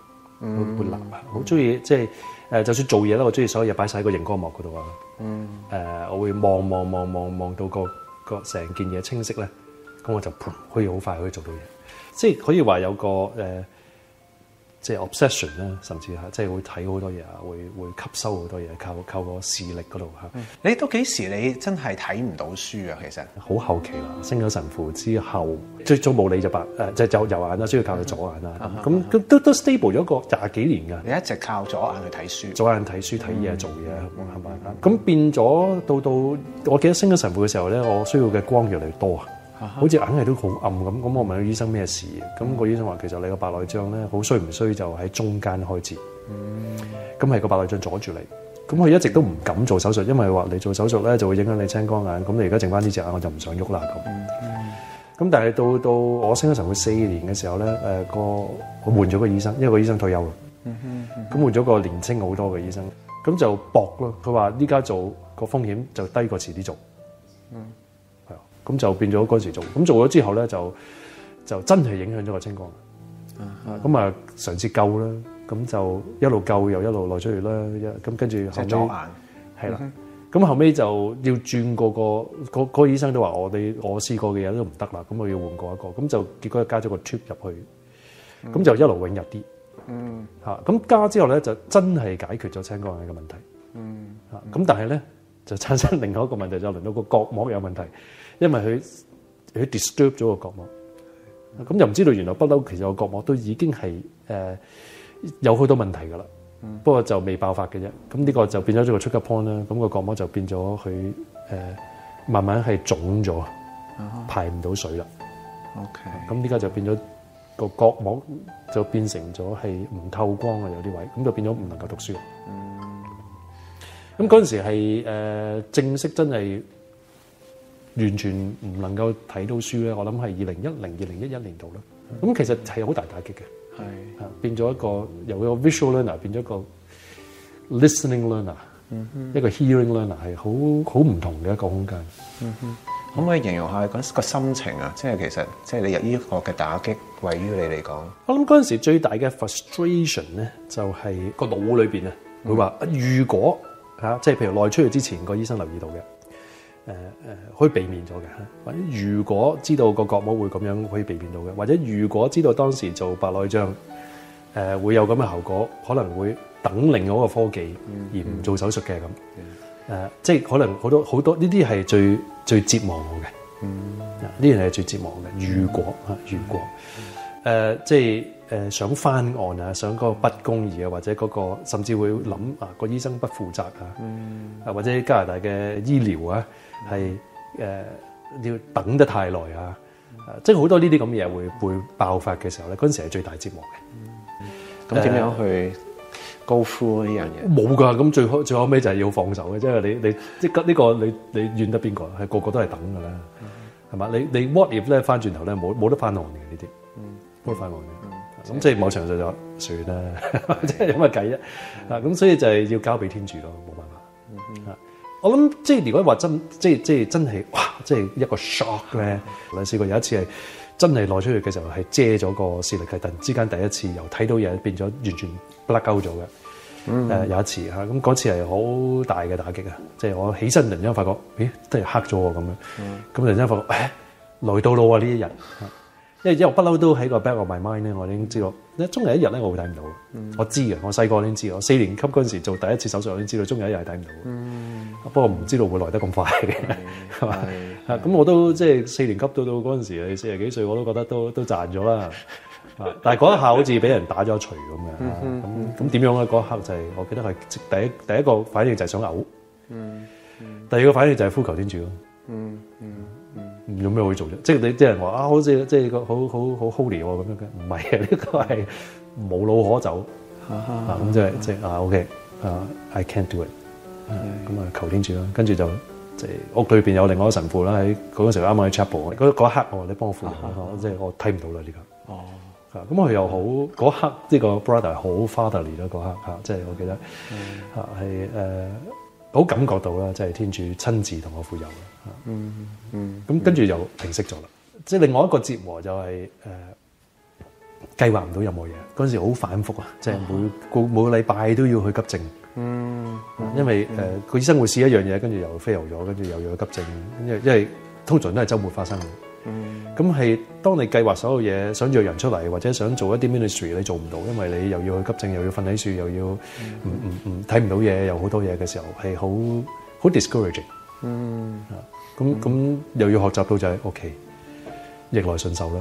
會會立啊，好中意即係。誒，就算做嘢啦，我中意所有嘢擺晒喺個熒光幕嗰度啊。嗯。誒、呃，我會望望望望望到個個成件嘢清晰咧，咁我就可以好快可以做到嘢，即係可以話有個誒。呃即係 obsession 咧，甚至係即係會睇好多嘢，會會吸收好多嘢，靠靠個視力嗰度嚇。你到幾時你真係睇唔到書啊？其實好後期啦，升咗神父之後，最早冇理就白即、呃、就就右眼啦，需要靠你左眼啦。咁都都,都 stable 咗個廿幾年㗎。你一直靠左眼去睇書，左眼睇書睇嘢做嘢冇辦法。咁變咗到到我記得升咗神父嘅時候咧，我需要嘅光越嚟越多。好似硬係都好暗咁，咁我問醫、個醫生咩事？咁個醫生話：其實你個白內障咧，好衰唔衰就喺中間開始。嗯。咁係個白內障阻住你，咁佢、嗯、一直都唔敢做手術，因為話你做手術咧就會影響你青光眼。咁你而家剩翻呢隻眼，我就唔想喐啦咁。咁、嗯嗯、但係到到我升咗成個四年嘅時候咧，誒、個我換咗個醫生，嗯、因為個醫生退休啦。咁換咗個年青好多嘅醫生，咁就搏咯。佢話：依家做個風險就低過遲啲做。嗯。咁就變咗嗰陣時做咁做咗之後咧，就就真係影響咗個青光眼。咁啊，嘗試救啦，咁就一路救又一路內出血啦。咁跟住後尾係啦，咁後尾就要轉個個個個醫生，都話我哋我試過嘅人都唔得啦，咁我要換過一個，咁就結果加咗個 tube 入去，咁就一路永入啲。嚇，咁加之後咧，就真係解決咗青光眼嘅問題。嚇咁，但係咧就產生另外一個問題，就輪到個角膜有問題。因為佢佢 disturb 咗個角膜，咁又唔知道原來不嬲，其實個角膜都已經係誒、呃、有好多問題㗎啦。不過、嗯、就未爆發嘅啫。咁、這、呢個就變咗做個 trigger point 啦。咁個角膜就變咗佢誒慢慢係腫咗，排唔到水啦。OK，咁依家就變咗個角膜就變成咗係唔透光嘅。有啲位咁就變咗唔能夠讀書。咁嗰陣時係、呃、正式真係。完全唔能夠睇到書咧，我諗係二零一零、二零一一年度啦。咁其實係好大打擊嘅，係變咗一個由個 visual learner 變咗個 listening learner，一個 hearing learner 係好好唔同嘅一個空間。嗯哼，可唔可以形容下嗰個心情啊？即係其實即係你由呢一個嘅打擊，位於你嚟講。我諗嗰陣時最大嘅 frustration 咧，就係個腦裏邊啊，會話如果嚇，即係譬如內出血之前個醫生留意到嘅。誒誒，可以，呃呃，避免咗嘅，或者如果知道個角膜會咁樣可以避免到嘅，或者如果知道當時做白內障誒、呃、會有咁嘅效果，可能會等另外一個科技而唔做手術嘅咁，誒、呃，即係可能好多好多呢啲係最最折磨我嘅，呢樣係最折磨嘅。嗯、如果啊，呃嗯、如果誒、呃，即係。誒想翻案啊，想嗰個不公義啊，或者嗰個甚至會諗啊個醫生不負責啊，啊、嗯、或者加拿大嘅醫療啊，係誒要等得太耐啊，嗯、即係好多呢啲咁嘅嘢會會爆發嘅時候咧，嗰陣時係最大折磨嘅。咁點樣去高呼呢樣嘢？冇㗎，咁最最後尾就係要放手嘅，即係你你即係呢個你你怨得邊個？係個個都係等㗎啦，係嘛？你你 what if 咧，翻轉頭咧，冇冇得翻案嘅呢啲，冇得翻案嘅。咁即係冇常在咗，算啦、嗯，即係有乜計啫。嗯、啊，咁所以就係要交俾天主咯，冇辦法。嗯嗯、啊，我諗即係如果話真，即係即係真係，哇！即係一個 shock 咧。嗯、我試過有一次係真係內出血嘅時候，係遮咗個視力，係突然之間第一次由睇到嘢變咗完全不甩鳩咗嘅。誒、嗯啊、有一次嚇，咁、啊、嗰次係好大嘅打擊啊！即、就、係、是、我起身，突然之間發覺，咦，真係黑咗喎咁樣。咁、嗯、突然之間發覺，哎，來到路啊呢一日。因為因為不嬲都喺個 back of my mind 咧，我，我已經知道，一終有一日咧，我會睇唔到。我知啊，我細個已經知，我四年級嗰陣時做第一次手術，我已經知道終有一日係睇唔到。嗯、不過唔知道會來得咁快嘅、嗯， (laughs) 係嘛？咁我都即係四年級到到嗰陣你四十幾歲我都覺得都都賺咗啦。 (laughs) 但係嗰一下好似俾人打咗一錘咁嘅。咁咁點樣咧？嗰刻就係、是、我記得係第一第一個反應就係想嘔。嗯嗯第二個反應就係呼求天主咯。有咩可以做啫？即係你啲人話啊，好似即係個好好好 holy 咁、啊、樣嘅，唔係呢個係無路可走咁、啊啊、即係即係啊 OK 啊、uh, I can't do it 咁 okay. 啊求天主啦，跟住就即係、就是、屋裏邊有另外一個神父啦，喺嗰陣時啱啱喺 Chapel 嗰刻我，我話你幫我扶我即係我睇唔到啦呢個哦，咁佢、啊啊、又好嗰刻呢個 brother 好 fatherly 啦嗰刻嚇，即係我記得嚇係誒。啊好感覺到啦，即係天主親自同我富有啦。嗯嗯，咁跟住又平息咗啦。即係另外一個折磨就係誒計劃唔到任何嘢。嗰陣時好反覆啊，即係每個每個禮拜都要去急症。嗯，因為誒個醫生會試一樣嘢，跟住又 fail 咗，跟住又要急症。因為因為通常都係週末發生。咁係，當你計劃所有嘢，想約人出嚟，或者想做一啲 ministry，你做唔到，因為你又要去急症，又要瞓喺樹，又要唔唔唔睇唔到嘢，又好多嘢嘅時候，係好好 discouraging。嗯，啊，咁咁又要學習到就係 OK，逆來順受啦。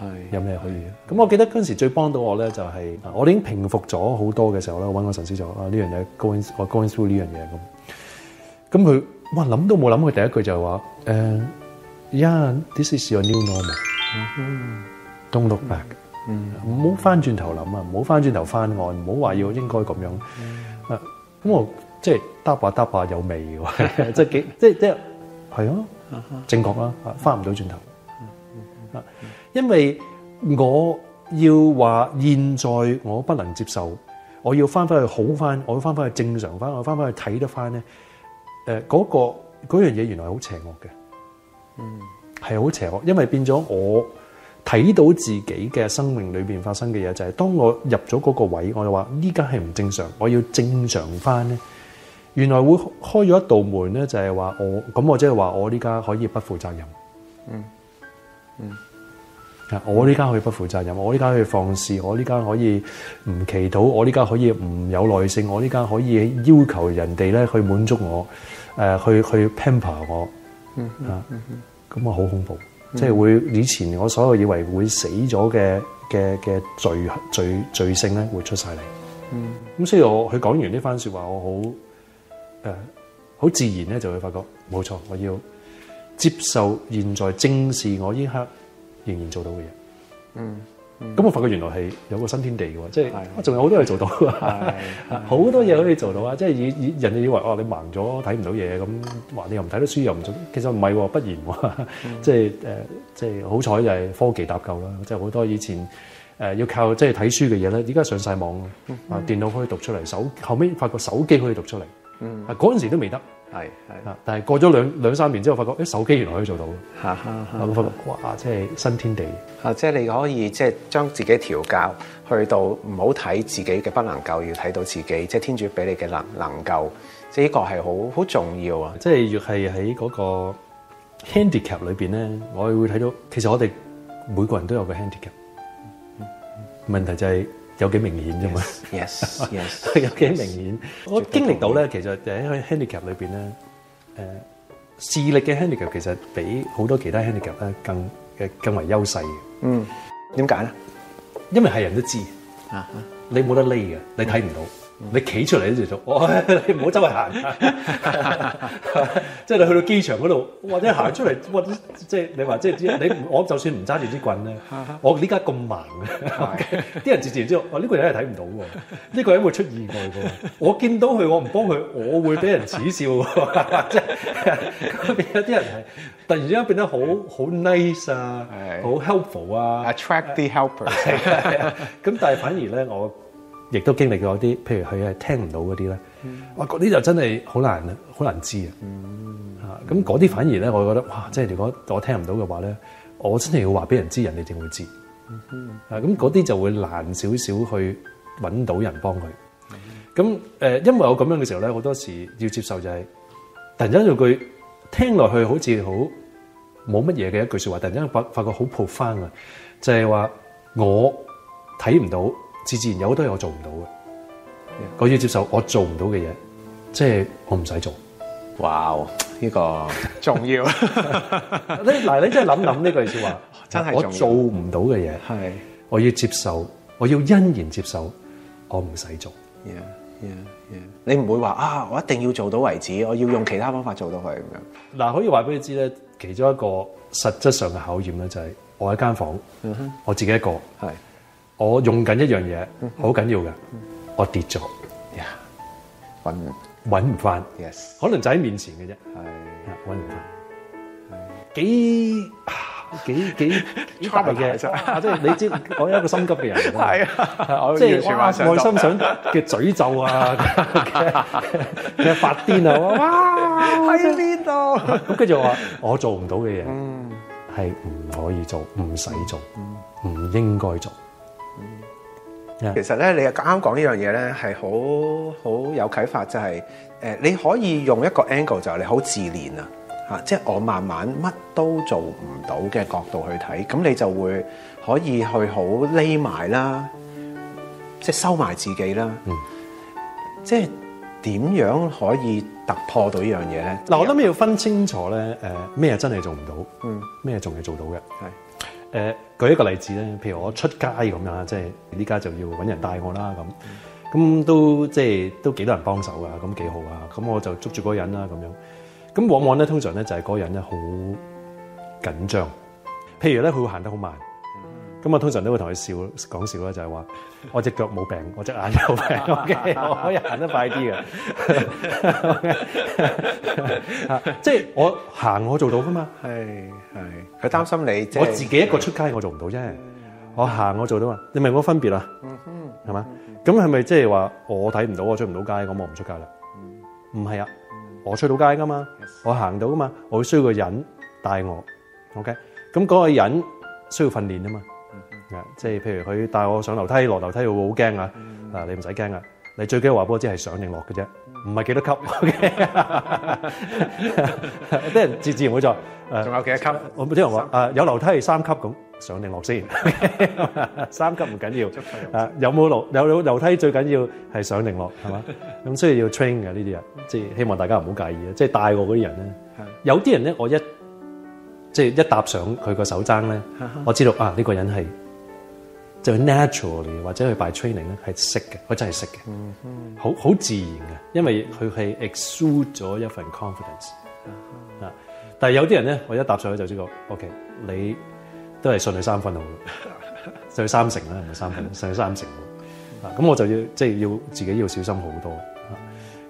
係。有咩可以？咁我記得嗰陣時最幫到我咧，就係我哋已經平復咗好多嘅時候咧，我揾個神師就話：啊呢樣嘢 going 我 going through 呢樣嘢咁。咁佢哇諗都冇諗，佢第一句就係話：誒。Yeah, this is your new normal。Don't look back、mm。唔、hmm. 好翻轉頭諗啊，唔好翻轉頭翻案，唔好話要應該咁樣、啊。咁、mm hmm. 啊、我即係嗒吧嗒吧有味嘅 (laughs) (laughs) 即係幾即係即係係啊，uh huh. 正確啦、啊啊，翻唔到轉頭。Uh huh. 因為我要話現在我不能接受，我要翻返去好翻，我要翻返去正常翻，我翻返去睇得翻咧。誒、呃，嗰、呃那個嗰樣嘢原來係好邪惡嘅。嗯，係好邪惡，因為變咗我睇到自己嘅生命裏邊發生嘅嘢，就係、是，當我入咗嗰個位，我就話呢家係唔正常，我要正常翻咧，原來會開咗一道門咧，就係、是，話我咁我即係話我呢家可以不負責任，嗯嗯，啊、嗯，我呢家可以不負責任，我呢家可以放肆，我呢家可以唔祈禱，我呢家可以唔有耐性，我呢家可以要求人哋咧去滿足我，誒、呃，去去 pamper 我。 (noise) 嗯啊，咁啊好恐怖，即係會以前我所有以為會死咗嘅嘅嘅罪罪罪性咧會出晒嚟，嗯，咁所以我佢講完呢番說話，我好誒好自然咧就會發覺，冇錯，我要接受現在正視我呢刻仍然做到嘅嘢，嗯。咁、嗯、我發覺原來係有個新天地㗎喎，即係仲有好多嘢做到好的 (laughs) 多嘢可以做到啊！即係以以人哋以為哦，你盲咗睇唔到嘢咁，話你又唔睇到書又唔做，其實唔係喎，不然喎，即係誒，即係、 (laughs) 即係呃即係、好彩就係科技搭救啦！即係好多以前誒、呃、要靠即係睇書嘅嘢咧，而家上晒網啊，嗯、電腦可以讀出嚟，手後尾發覺手機可以讀出嚟，啊嗰陣時都未得。係係啊！但係過咗兩兩三年之後，發覺誒、欸，手機原來可以做到咯。吓吓吓！咁發覺哇，即係新天地啊！即係你可以即係將自己調教，去到唔好睇自己嘅不能夠，要睇到自己即係天主俾你嘅能能夠。即係呢個係好好重要啊！即係越係喺嗰個 handicap 裏邊咧，嗯、我哋會睇到，其實我哋每個人都有個 handicap。問題就係、是。有幾明顯啫嘛？Yes, yes, yes (laughs) 有幾明顯。Yes, 明顯 我經歷到咧，其實就喺佢 handicap 裏邊咧，誒、呃、視力嘅 handicap 其實比好多其他 handicap 咧更嘅更為優勢嘅。嗯，點解咧？因為係人都知啊，啊你冇得匿嘅，你睇唔到、嗯。你企出嚟都仲做。我、哦、你唔好周圍行，即係你去到機場嗰度，或者行出嚟，或者即係你話即係啲你，我就算唔揸住支棍咧， (laughs) 我點解咁慢嘅？啲人自然知道，哦呢、呢個人係睇唔到喎，呢、呢個人會出意外嘅，我見到佢我唔幫佢，我會俾人恥笑嘅，即係變咗啲人係突然之間變得好好 nice 啊，好的 helpful 啊，attract the helpers，咁 (laughs) (laughs) (laughs) 但係反而咧我。亦都經歷過啲，譬如佢係聽唔到嗰啲咧，哇！嗰啲就真係好難，好難知啊！嚇，咁嗰啲反而咧，我覺得哇，即係如果我聽唔到嘅話咧，我真係要話俾人知，人哋定會知。嚇、嗯，咁嗰啲就會難少少去揾到人幫佢。咁誒、嗯呃，因為我咁樣嘅時候咧，好多時要接受就係、是，突然之間有句聽落去好似好冇乜嘢嘅一句說話，突然之間發發，發覺好 profound 啊，就係話我睇唔到。自自然有好多嘢我做唔到嘅，Yeah. 我要接受我做唔到嘅嘢，即、就、係、是、我唔使做。哇！呢個重要。你嗱，你真係諗諗呢句說話， (laughs) 真係我做唔到嘅嘢，係 Yeah. 我要接受，我要欣然接受，我唔使做。Yeah. Yeah. Yeah. 你唔會話啊，我一定要做到為止，我要用其他方法做到佢咁樣。嗱、 (laughs) 啊，可以話俾你知咧，其中一個實質上嘅考驗咧，就係我一間房，我自己一個係。Yeah. (noise) 我用緊一樣嘢，好緊要嘅。我跌咗，呀、yeah.，搵唔翻。Yes，可能就喺面前嘅啫，係搵唔翻。幾幾幾嘅，嗯、即係你知我一個心急嘅人，係啊， (laughs) 我想即係內心想嘅詛咒啊，嘅 (laughs) (laughs) 發癲啊，哇，喺邊度？咁跟住我話，我做唔到嘅嘢，係唔、嗯、可以做，唔使做，唔、嗯、應該做。Yeah. 其實咧，你啱啱講呢樣嘢咧，係好好有啟發，就係誒，你可以用一個 angle 就係你好自憐啊，吓，即係我慢慢乜都做唔到嘅角度去睇，咁你就會可以去好匿埋啦，即係收埋自己啦。嗯，即係點樣可以突破到呢樣嘢咧？嗱、嗯，我諗要分清楚咧，誒，咩真係做唔到？嗯，咩仲係做到嘅？係。誒、呃，舉一個例子咧，譬如我出街咁樣，即係依家就要揾人帶我啦咁。咁都即係都幾多人幫手噶，咁幾好啊，咁我就捉住嗰人啦咁樣，咁往往咧，通常咧就係嗰人咧好緊張，譬如咧佢會行得好慢。咁我通常都會同佢笑講笑啦，就係話我隻腳冇病，我隻眼有病、okay? (laughs) 我可以行得快啲嘅。Okay? (laughs) 即係我行我做到噶嘛。係係，佢 (noise) 擔心你 (noise) 我自己一個出街我做唔到啫。Mm hmm. 我行我做到啊。你明有分別啊。嗯係嘛？咁係咪即係話我睇唔到我出唔到街咁，我唔出街啦？唔係 (noise) 啊，我出到街噶嘛，我行到噶嘛，我會需要個人帶我。O K，咁嗰個人需要訓練啊嘛。即係譬如佢帶我上樓梯落樓梯會好驚啊！嗱、嗯，你唔使驚啊！你最驚華哥只係上定落嘅啫，唔係幾多級？啲人自自然會再，誒，仲有幾多級？我唔知喎。誒、啊，有樓梯三級咁上定落先。 (laughs) 三級唔緊要。誒、啊，有冇樓有樓梯最緊要係上定落係嘛？咁 (laughs) 所以要 train 嘅呢啲人，即係希望大家唔好介意啊！即係帶我嗰啲人咧，的有啲人咧，我一即係、就是、一搭上佢個手踭咧，我知道啊呢、啊呢個人係。就 naturally 或者佢 by training 咧係識嘅，佢真係識嘅，嗯嗯、好好自然嘅，因為佢係 exude 咗一份 confidence。啊、嗯，但係有啲人咧，我一搭上去就知道 o、okay, k 你都係信佢三分好，信佢三成啦，唔係三分，信佢三成。啊、嗯，咁我就要即係、就是、要自己要小心好多。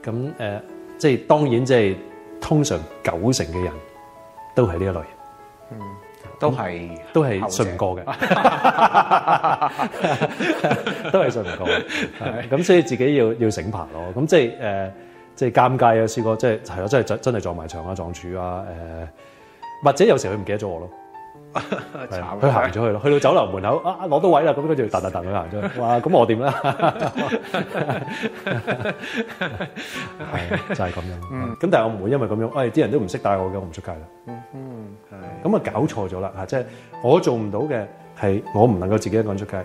咁誒、嗯，即係、呃就是、當然即、就、係、是、通常九成嘅人都係呢一類人。嗯嗯都係都係信唔過嘅， (laughs) 都係信唔過嘅，咁所以自己要要醒牌咯。咁即係誒，即係尷尬試過啊，試過，即係係啊，真係真真係撞埋牆啊，撞柱啊，誒、呃，或者有時佢唔記得咗我咯。佢行咗去咯，去到酒樓門口啊，攞到位啦，咁佢就噔噔噔咁行咗去。哇，咁我點啦？係 (laughs) (laughs) (laughs) (laughs) (laughs) (laughs) (laughs) 就係、係、咁樣。咁、mm. 但係我唔會因為咁樣，喂，啲人都唔識帶我嘅，我唔出街啦。咁啊搞錯咗啦，吓，即係我做唔到嘅係我唔能夠自己一個人出街。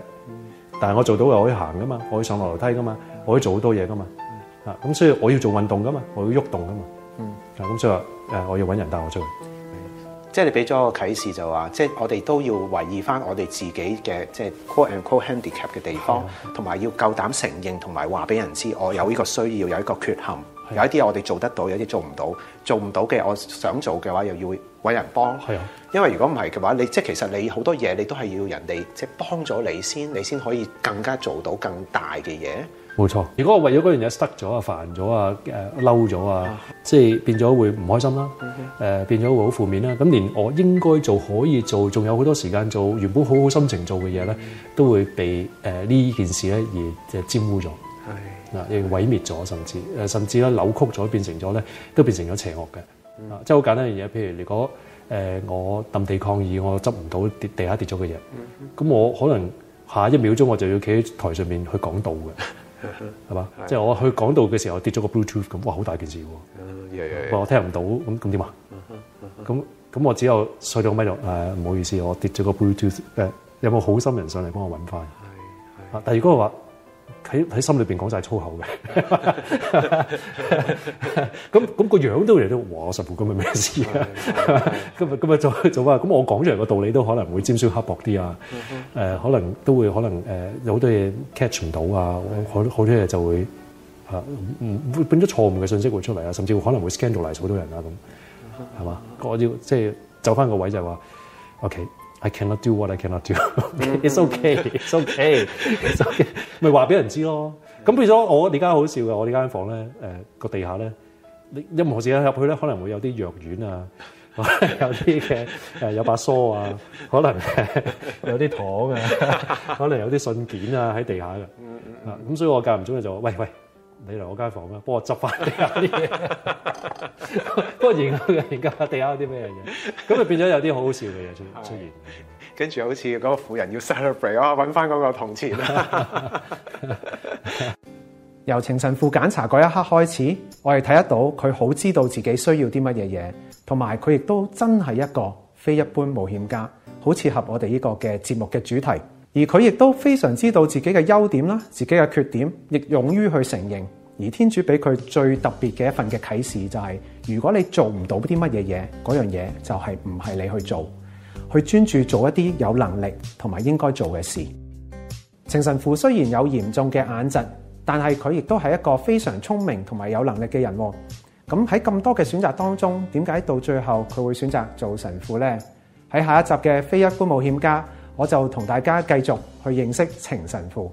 但係我做到我可以行噶嘛，我可以上落樓梯噶嘛，我可以做好多嘢噶嘛。啊，咁所以我要做運動噶嘛，我要喐動噶嘛。咁、mm. 嗯、所以話誒，我要搵人帶我出去。即係你俾咗個啟示就話，即係我哋都要懷疑翻我哋自己嘅即係 quote and quote handicap 嘅地方，同埋的要夠膽承認同埋話俾人知，的我有呢個需要，有一個缺陷，的有一啲我哋做得到，有啲做唔到，做唔到嘅我想做嘅話，又要揾人幫。係啊的，因為如果唔係嘅話，你即係其實你好多嘢你都係要人哋即係幫咗你先，你先可以更加做到更大嘅嘢。冇錯，如果我為咗嗰樣嘢塞咗啊、煩咗啊、誒嬲咗啊，即係變咗會唔開心啦，誒、呃、變咗會好負面啦，咁連我應該做、可以做，仲有好多時間做，原本好好心情做嘅嘢咧，嗯、都會被誒呢、呃、件事咧而誒沾污咗，嗱唉，亦、呃呃、毀滅咗，甚至誒甚至咧扭曲咗，變成咗咧都變成咗邪惡嘅、嗯啊，即係好簡單嘅嘢，譬如如果誒我揼地抗議，我執唔到跌地下跌咗嘅嘢，咁、嗯、我可能下一秒鐘我就要企喺台上面去講道嘅。 (laughs) 係嘛？即係我去講道嘅時候我跌咗個 Bluetooth 咁，哇！好大件事喎，啊。Yeah, yeah, yeah. 我聽唔到，咁咁點啊？咁 şey 咁 starving、嗯、我只有上到咪度，誒，唔做笑好意思 bamboo，我跌咗個 Bluetooth，誒，有冇好心人上嚟幫我搵翻？係係。但係如果我話，喺喺心裏邊講晒粗口嘅， (laughs) 咁咁個樣都嚟到，哇！十步咁係咩事啊？咁啊咁啊，再再話，咁我講出嚟嘅道理都可能會尖酸刻薄啲啊，誒、呃，可能都會可能誒，有、呃、好多嘢 catch 唔到啊，好好多嘢就會嚇，嗯，變咗錯誤嘅信息會出嚟啊，甚至會可能會 scandalize 好多人啊，咁係嘛？我 (laughs) 要即係、就是、走翻個位就係話，OK。I cannot do what I cannot do. It's okay. It's okay. It's okay. 咪話俾人知咯。咁譬如我而家好笑嘅，我呢間房咧，誒個地下咧，你任何時間入去咧，可能會有啲藥丸啊，有啲嘅誒有把梳啊，可能有啲 (laughs) (laughs) 糖啊，可能有啲信件啊喺地下嘅。咁 (laughs) 所以我間唔中咧就喂喂。喂你嚟我間房咩？幫我執翻地下啲嘢。 (laughs) 不過而家下研究下地下啲咩嘢嘢。咁 (laughs) 就變咗有啲好好笑嘅嘢出出現。跟住 (laughs) 好似嗰個婦人要 celebrate 揾、啊、翻嗰個銅錢。 (laughs) (laughs) 由程神父檢查嗰一刻開始，我係睇得到佢好知道自己需要啲乜嘢嘢，同埋佢亦都真係一個非一般冒險家，好切合我哋呢個嘅節目嘅主題。而佢亦都非常知道自己嘅優點啦，自己嘅缺點，亦勇於去承認。而天主俾佢最特別嘅一份嘅啟示就係：如果你做唔到啲乜嘢嘢，嗰樣嘢，就係唔係你去做，去專注做一啲有能力同埋應該做嘅事。程神父雖然有嚴重嘅眼疾，但係佢亦都係一個非常聰明同埋有能力嘅人。咁喺咁多嘅選擇當中，點解到最後佢會選擇做神父咧？喺下一集嘅非一般冒險家。我就同大家繼續去認識程神父。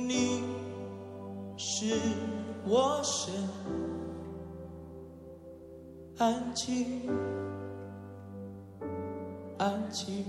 安靜，安靜，